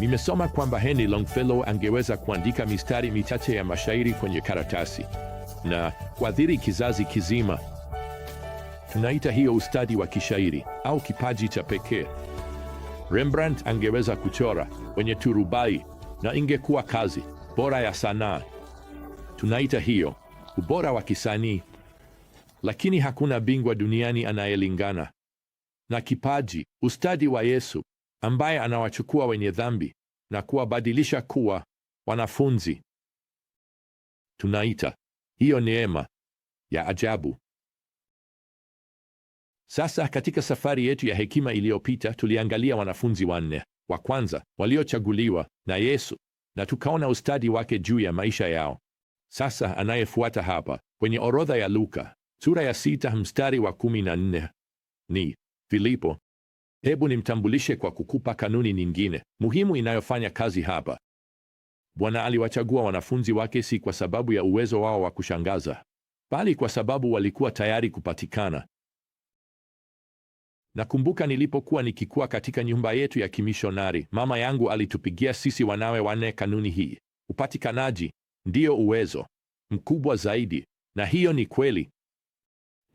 Nimesoma kwamba Henry Longfellow angeweza kuandika mistari michache ya mashairi kwenye karatasi na kuathiri kizazi kizima. Tunaita hiyo ustadi wa kishairi au kipaji cha pekee. Rembrandt angeweza kuchora kwenye turubai na ingekuwa kazi bora ya sanaa. Tunaita hiyo ubora wa kisanii. Lakini hakuna bingwa duniani anayelingana na kipaji, ustadi wa Yesu ambaye anawachukua wenye dhambi na kuwabadilisha kuwa wanafunzi. Tunaita hiyo neema ya ajabu. Sasa katika safari yetu ya hekima iliyopita tuliangalia wanafunzi wanne wa kwanza waliochaguliwa na Yesu na tukaona ustadi wake juu ya maisha yao. Sasa anayefuata hapa kwenye orodha ya Luka sura ya sita mstari wa kumi na nne ni Filipo. Hebu nimtambulishe kwa kukupa kanuni nyingine muhimu inayofanya kazi hapa. Bwana aliwachagua wanafunzi wake si kwa sababu ya uwezo wao wa kushangaza, bali kwa sababu walikuwa tayari kupatikana. Nakumbuka nilipokuwa nikikua katika nyumba yetu ya kimishonari, mama yangu alitupigia sisi wanawe wanne kanuni hii: upatikanaji ndio uwezo mkubwa zaidi. Na hiyo ni kweli,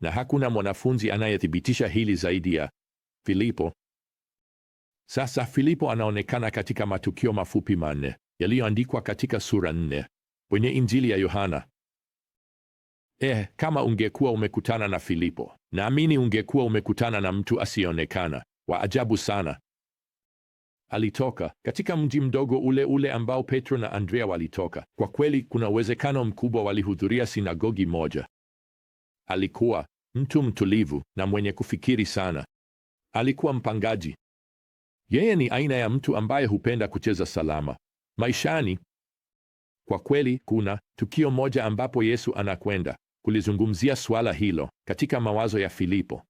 na hakuna mwanafunzi anayethibitisha hili zaidi ya Filipo. Sasa Filipo anaonekana katika matukio mafupi manne yaliyoandikwa katika sura nne kwenye Injili ya Yohana. Eh, kama ungekuwa umekutana na Filipo, naamini ungekuwa umekutana na mtu asiyeonekana wa ajabu sana. Alitoka katika mji mdogo ule ule ambao Petro na Andrea walitoka. Kwa kweli, kuna uwezekano mkubwa walihudhuria sinagogi moja. Alikuwa mtu mtulivu na mwenye kufikiri sana. Alikuwa mpangaji. Yeye ni aina ya mtu ambaye hupenda kucheza salama maishani. Kwa kweli, kuna tukio moja ambapo Yesu anakwenda kulizungumzia suala hilo katika mawazo ya Filipo.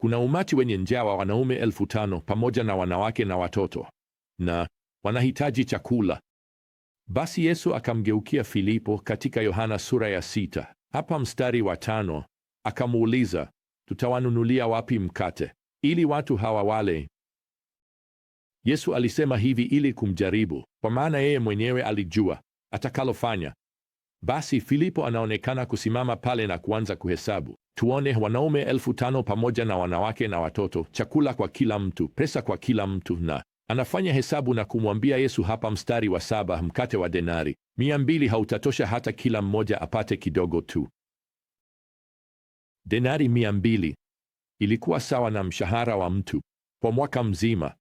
Kuna umati wenye njaa wa wanaume elfu tano pamoja na wanawake na watoto, na wanahitaji chakula. Basi Yesu akamgeukia Filipo katika Yohana sura ya sita hapa mstari wa tano, akamuuliza tutawanunulia wapi mkate ili watu hawa wale. Yesu alisema hivi ili kumjaribu, kwa maana yeye mwenyewe alijua atakalofanya. Basi Filipo anaonekana kusimama pale na kuanza kuhesabu, tuone, wanaume elfu tano pamoja na wanawake na watoto, chakula kwa kila mtu, pesa kwa kila mtu. Na anafanya hesabu na kumwambia Yesu hapa mstari wa saba, mkate wa denari mia mbili hautatosha hata kila mmoja apate kidogo tu. Denari mia mbili ilikuwa sawa na mshahara wa mtu kwa mwaka mzima.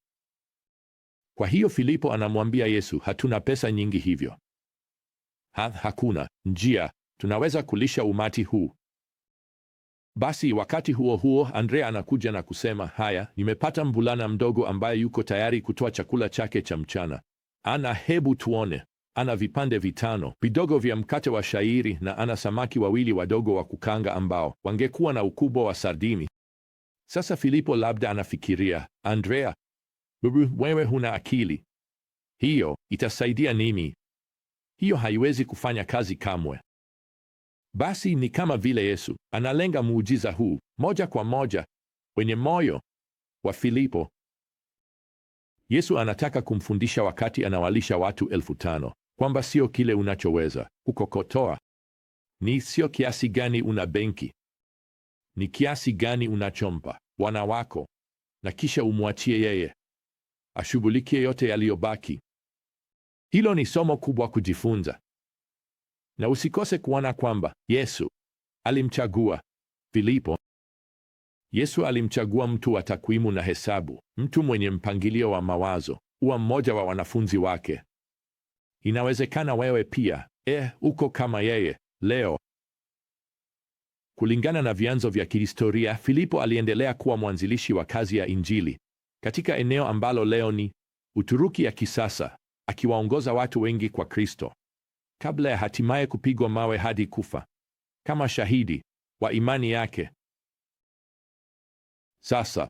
Kwa hiyo Filipo anamwambia Yesu, hatuna pesa nyingi hivyo ha, hakuna njia tunaweza kulisha umati huu. Basi wakati huo huo Andrea anakuja na kusema, haya, nimepata mvulana mdogo ambaye yuko tayari kutoa chakula chake cha mchana. Ana, hebu tuone. Ana vipande vitano vidogo vya mkate wa shairi na ana samaki wawili wadogo wa kukanga ambao wangekuwa na ukubwa wa sardini. Sasa Filipo labda anafikiria, Andrea, buru, wewe huna akili, hiyo itasaidia nini? Hiyo haiwezi kufanya kazi kamwe. Basi ni kama vile Yesu analenga muujiza huu moja kwa moja kwenye moyo wa Filipo. Yesu anataka kumfundisha wakati anawalisha watu elfu tano kwamba sio kile unachoweza kukokotoa, ni sio kiasi gani una benki, ni kiasi gani unachompa wana wako, na kisha umwachie yeye ashughulikie yote yaliyobaki. Hilo ni somo kubwa kujifunza, na usikose kuona kwamba Yesu alimchagua Filipo. Yesu alimchagua mtu wa takwimu na hesabu, mtu mwenye mpangilio wa mawazo, uwa mmoja wa wanafunzi wake. Inawezekana wewe pia eh, uko kama yeye leo. Kulingana na vyanzo vya kihistoria, Filipo aliendelea kuwa mwanzilishi wa kazi ya Injili katika eneo ambalo leo ni Uturuki ya kisasa, akiwaongoza watu wengi kwa Kristo kabla ya hatimaye kupigwa mawe hadi kufa kama shahidi wa imani yake. Sasa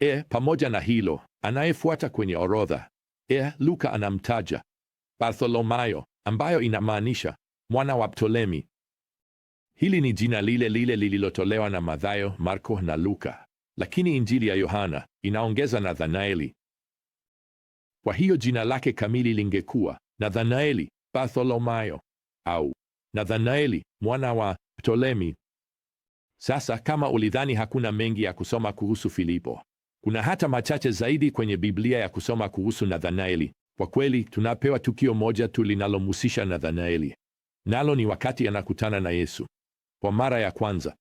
e, pamoja na hilo, anayefuata kwenye orodha e, Luka anamtaja Bartholomayo, ambayo inamaanisha mwana wa ptolemi Hili ni jina lile lile lililotolewa na Mathayo, Marko na Luka, lakini Injili ya Yohana inaongeza Nathanaeli. Kwa hiyo jina lake kamili lingekuwa Nathanaeli Bartholomayo au Nathanaeli mwana wa Ptolemi. Sasa kama ulidhani hakuna mengi ya kusoma kuhusu Filipo, kuna hata machache zaidi kwenye Biblia ya kusoma kuhusu Nathanaeli. Kwa kweli tunapewa tukio moja tu linalomhusisha Nathanaeli, nalo ni wakati anakutana na Yesu kwa mara ya kwanza.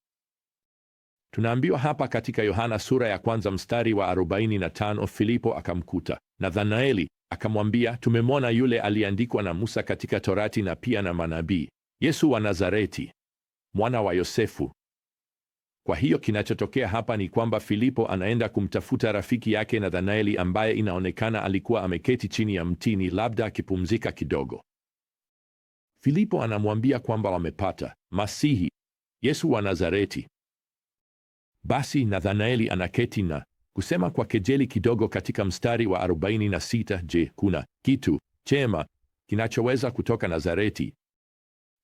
Tunaambiwa hapa katika Yohana sura ya kwanza mstari wa 45, Filipo akamkuta Nathanaeli akamwambia, tumemwona yule aliandikwa na Musa katika Torati na pia na manabii, Yesu wa Nazareti, mwana wa Yosefu. Kwa hiyo kinachotokea hapa ni kwamba Filipo anaenda kumtafuta rafiki yake Nathanaeli ambaye inaonekana alikuwa ameketi chini ya mtini, labda akipumzika kidogo. Filipo anamwambia kwamba wamepata Masihi Yesu wa Nazareti. Basi Nathanaeli anaketi na kusema kwa kejeli kidogo katika mstari wa 46, je, kuna kitu chema kinachoweza kutoka Nazareti?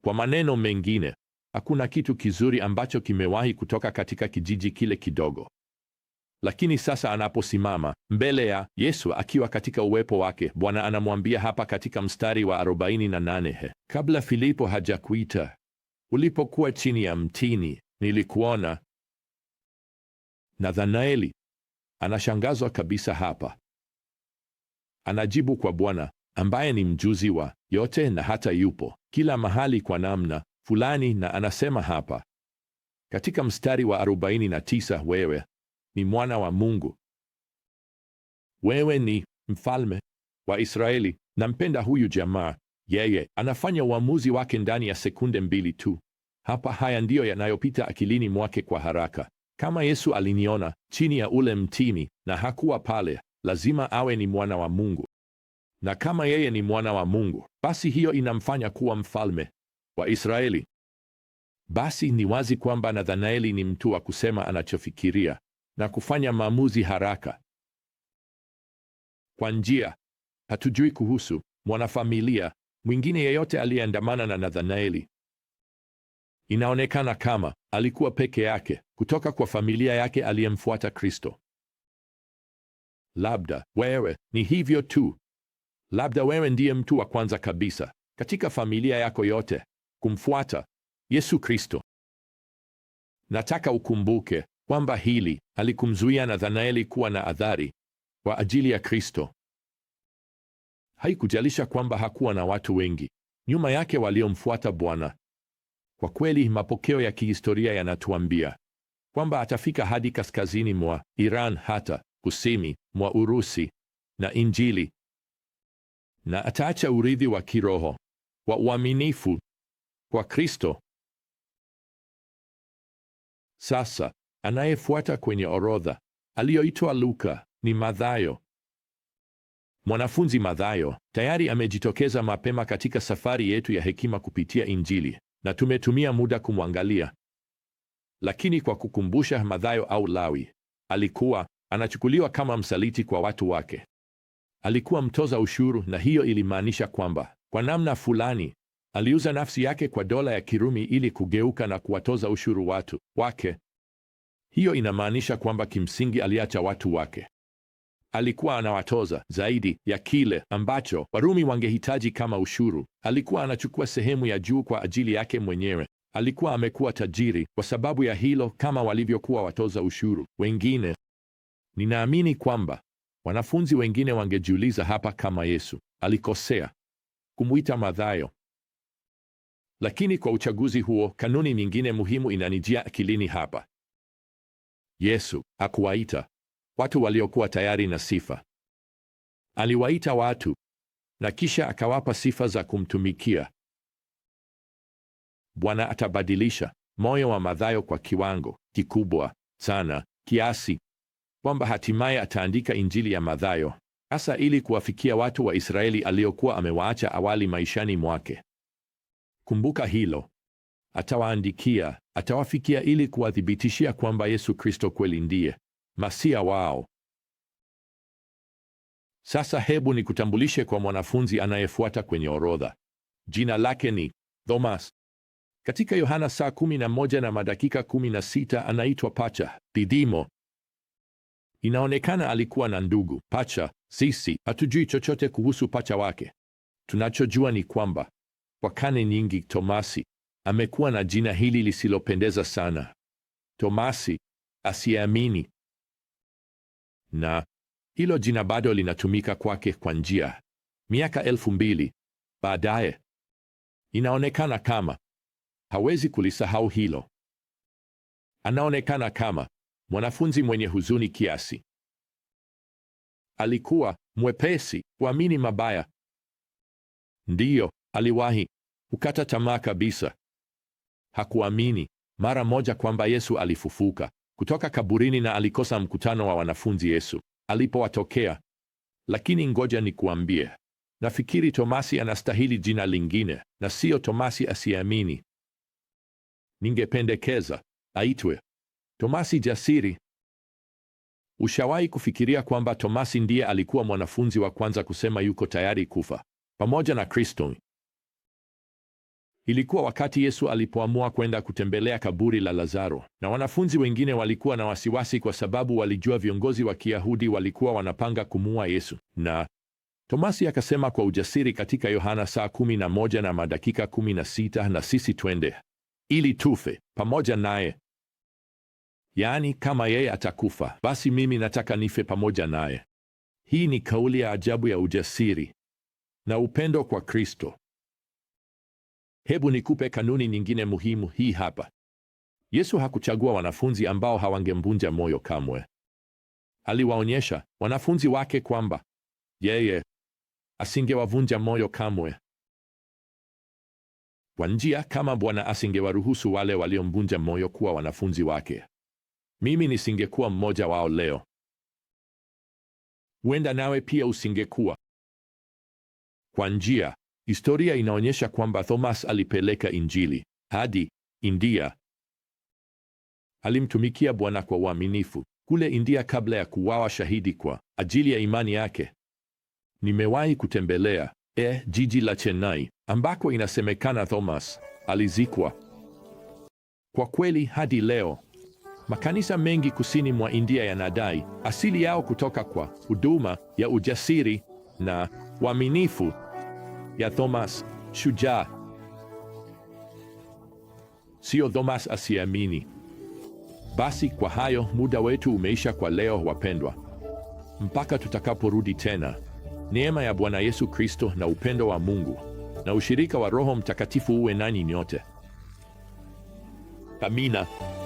Kwa maneno mengine, hakuna kitu kizuri ambacho kimewahi kutoka katika kijiji kile kidogo. Lakini sasa anaposimama mbele ya Yesu akiwa katika uwepo wake, Bwana anamwambia hapa katika mstari wa 48, kabla Filipo hajakuita Ulipokuwa chini ya mtini nilikuona. Nathanaeli anashangazwa kabisa hapa, anajibu kwa Bwana ambaye ni mjuzi wa yote na hata yupo kila mahali kwa namna fulani, na anasema hapa katika mstari wa 49, wewe ni mwana wa Mungu, wewe ni mfalme wa Israeli. Nampenda huyu jamaa yeye anafanya uamuzi wake ndani ya sekunde mbili tu. Hapa haya ndiyo yanayopita akilini mwake kwa haraka. Kama Yesu aliniona chini ya ule mtini na hakuwa pale, lazima awe ni mwana wa Mungu, na kama yeye ni mwana wa Mungu, basi hiyo inamfanya kuwa mfalme wa Israeli. Basi ni wazi kwamba Nathanaeli ni mtu wa kusema anachofikiria na kufanya maamuzi haraka. Kwa njia hatujui kuhusu mwanafamilia mwingine yeyote aliyeandamana na Nathanaeli. Inaonekana kama alikuwa peke yake kutoka kwa familia yake aliyemfuata Kristo. Labda wewe ni hivyo tu. Labda wewe ndiye mtu wa kwanza kabisa katika familia yako yote kumfuata Yesu Kristo. Nataka ukumbuke kwamba hili alikumzuia Nathanaeli kuwa na adhari kwa ajili ya Kristo. Haikujalisha kwamba hakuwa na watu wengi nyuma yake waliomfuata Bwana. Kwa kweli, mapokeo ya kihistoria yanatuambia kwamba atafika hadi kaskazini mwa Iran hata kusini mwa Urusi na Injili, na ataacha urithi wa kiroho wa uaminifu kwa Kristo. Sasa anayefuata kwenye orodha aliyoitwa Luka ni Mathayo. Mwanafunzi Mathayo tayari amejitokeza mapema katika safari yetu ya hekima kupitia Injili na tumetumia muda kumwangalia. Lakini kwa kukumbusha, Mathayo au Lawi alikuwa anachukuliwa kama msaliti kwa watu wake. Alikuwa mtoza ushuru, na hiyo ilimaanisha kwamba kwa namna fulani aliuza nafsi yake kwa dola ya Kirumi ili kugeuka na kuwatoza ushuru watu wake. Hiyo inamaanisha kwamba kimsingi aliacha watu wake Alikuwa anawatoza zaidi ya kile ambacho Warumi wangehitaji kama ushuru. Alikuwa anachukua sehemu ya juu kwa ajili yake mwenyewe. Alikuwa amekuwa tajiri kwa sababu ya hilo, kama walivyokuwa watoza ushuru wengine. Ninaamini kwamba wanafunzi wengine wangejiuliza hapa kama Yesu alikosea kumwita Mathayo. Lakini kwa uchaguzi huo, kanuni nyingine muhimu inanijia akilini hapa. Yesu hakuwaita watu waliokuwa tayari na sifa. Aliwaita watu na kisha akawapa sifa za kumtumikia. Bwana atabadilisha moyo wa Mathayo kwa kiwango kikubwa sana kiasi kwamba hatimaye ataandika Injili ya Mathayo hasa ili kuwafikia watu wa Israeli aliokuwa amewaacha awali maishani mwake. Kumbuka hilo. Atawaandikia, atawafikia ili kuwathibitishia kwamba Yesu Kristo kweli ndiye masia wao. Sasa hebu nikutambulishe kwa mwanafunzi anayefuata kwenye orodha. Jina lake ni Thomas. Katika Yohana saa kumi na moja na madakika kumi na sita anaitwa Pacha Didimo. Inaonekana alikuwa na ndugu Pacha. Sisi hatujui chochote kuhusu Pacha wake. Tunachojua ni kwamba kwa kane nyingi Tomasi amekuwa na jina hili lisilopendeza sana, Tomasi asiyeamini na hilo jina bado linatumika kwake kwa njia. Miaka elfu mbili baadaye, inaonekana kama hawezi kulisahau hilo. Anaonekana kama mwanafunzi mwenye huzuni kiasi. Alikuwa mwepesi kuamini mabaya. Ndiyo, aliwahi kukata tamaa kabisa. Hakuamini mara moja kwamba Yesu alifufuka kutoka kaburini na alikosa mkutano wa wanafunzi Yesu alipowatokea. Lakini ngoja nikuambie, nafikiri Tomasi anastahili jina lingine na siyo Tomasi asiamini. Ningependekeza aitwe Tomasi Jasiri. Ushawahi kufikiria kwamba Tomasi ndiye alikuwa mwanafunzi wa kwanza kusema yuko tayari kufa pamoja na Kristo Ilikuwa wakati Yesu alipoamua kwenda kutembelea kaburi la Lazaro, na wanafunzi wengine walikuwa na wasiwasi kwa sababu walijua viongozi wa Kiyahudi walikuwa wanapanga kumuua Yesu. Na Tomasi akasema kwa ujasiri katika Yohana saa kumi na moja na madakika kumi na sita na sisi twende ili tufe pamoja naye, yaani kama yeye atakufa, basi mimi nataka nife pamoja naye. Hii ni kauli ya ajabu ya ujasiri na upendo kwa Kristo. Hebu nikupe kanuni nyingine muhimu, hii hapa. Yesu hakuchagua wanafunzi ambao hawangemvunja moyo kamwe. Aliwaonyesha wanafunzi wake kwamba yeye asingewavunja moyo kamwe. Kwa njia kama Bwana asingewaruhusu wale waliomvunja moyo kuwa wanafunzi wake, mimi nisingekuwa mmoja wao leo. Huenda nawe pia usingekuwa. Kwa njia Historia inaonyesha kwamba Thomas alipeleka Injili hadi India. Alimtumikia Bwana kwa uaminifu kule India kabla ya kuwawa shahidi kwa ajili ya imani yake. Nimewahi kutembelea e jiji la Chennai ambako inasemekana Thomas alizikwa. Kwa kweli hadi leo makanisa mengi kusini mwa India yanadai asili yao kutoka kwa huduma ya ujasiri na uaminifu a Thomas Shuja. sio Thomas asiamini. Basi kwa hayo, muda wetu umeisha kwa leo, wapendwa, mpaka tutakaporudi tena. Neema ya Bwana Yesu Kristo na upendo wa Mungu na ushirika wa Roho Mtakatifu uwe nanyi nyote. Amina.